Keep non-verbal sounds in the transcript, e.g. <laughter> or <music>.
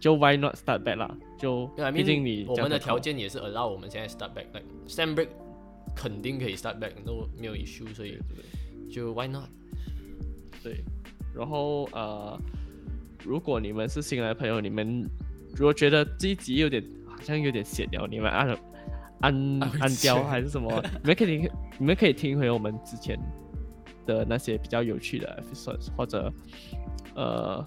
就 why not start back 啦？就，畢竟你，yeah, I mean, 我們的條件也是 allow，我們現在 start back，like Sam Break 肯定可以 start back，no 沒有 issue，所以就 why not？對，對，對，對，然後呃，如果你們是新來的朋友，你們如果覺得這一集有點好像有點閒聊，你們按按 Okay. 按掉還是什麼，你們可以， <laughs> 你們可以聽回我們之前的那些比較有趣的 episodes，或者，呃。